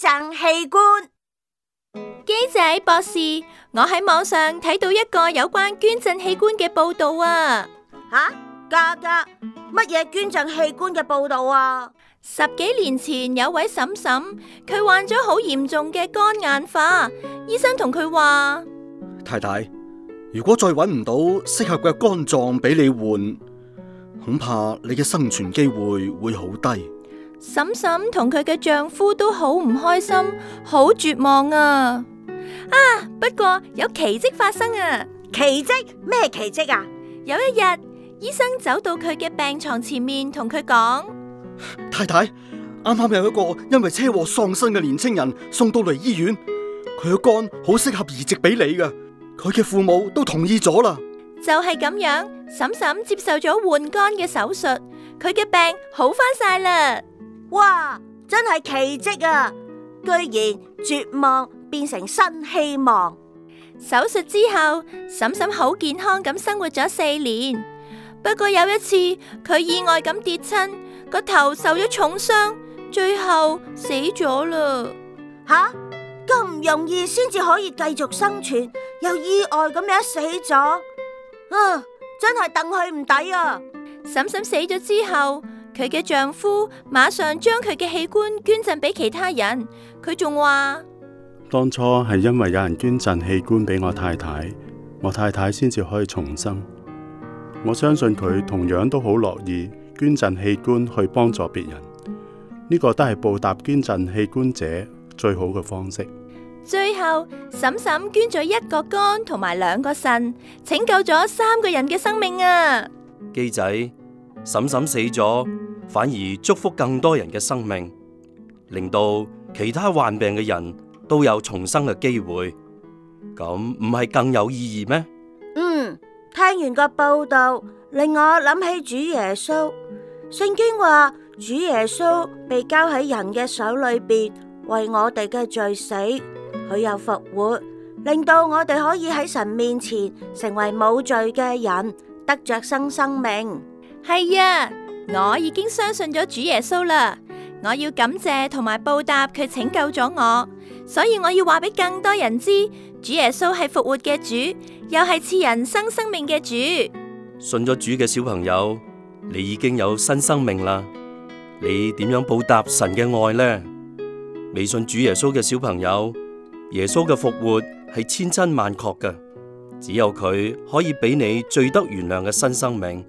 捐贈器官，雞仔博士，我喺網上睇到一個有關捐贈器官嘅報道啊！吓、啊，家下乜嘢捐贈器官嘅報道啊？十幾年前有位嬸嬸，佢患咗好嚴重嘅肝硬化，醫生同佢話：太太，如果再揾唔到適合嘅肝臟俾你換，恐怕你嘅生存機會會好低。嬸嬸同佢嘅丈夫都好唔開心，好絕望啊！啊，不過有奇跡發生啊！奇跡咩？奇跡啊！有一日，醫生走到佢嘅病床前面，同佢講：太太，啱啱有一個因為車禍喪生嘅年青人送到嚟醫院，佢嘅肝好適合移植俾你㗎，佢嘅父母都同意咗啦。就係咁樣，嬸嬸接受咗換肝嘅手術，佢嘅病好翻晒啦。哇！真係奇蹟啊！居然絕望變成新希望。手術之後，嬸嬸好健康咁生活咗四年。不過有一次佢意外咁跌親，個頭受咗重傷，最後死咗啦。吓？咁唔容易先至可以繼續生存，又意外咁樣死咗，啊！真係戥佢唔抵啊！嬸嬸死咗之後。佢嘅丈夫馬上將佢嘅器官捐贈俾其他人，佢仲話：當初係因為有人捐贈器官俾我太太，我太太先至可以重生。我相信佢同樣都好樂意捐贈器官去幫助別人，呢個都係報答捐贈器官者最好嘅方式。最後，嬸嬸捐咗一個肝同埋兩個腎，拯救咗三個人嘅生命啊！機仔。嬸嬸死咗，反而祝福更多人嘅生命，令到其他患病嘅人都有重生嘅機會。咁唔係更有意義咩？嗯，聽完個報道，令我諗起主耶穌。聖經話，主耶穌被交喺人嘅手裏邊，為我哋嘅罪死，佢又復活，令到我哋可以喺神面前成為冇罪嘅人，得着新生命。係啊，我已經相信咗主耶穌啦。我要感謝同埋報答佢拯救咗我，所以我要話俾更多人知，主耶穌係復活嘅主，又係賜人生生命嘅主。信咗主嘅小朋友，你已經有新生命啦。你點樣報答神嘅愛呢？未信主耶穌嘅小朋友，耶穌嘅復活係千真萬確嘅，只有佢可以俾你罪得原諒嘅新生命。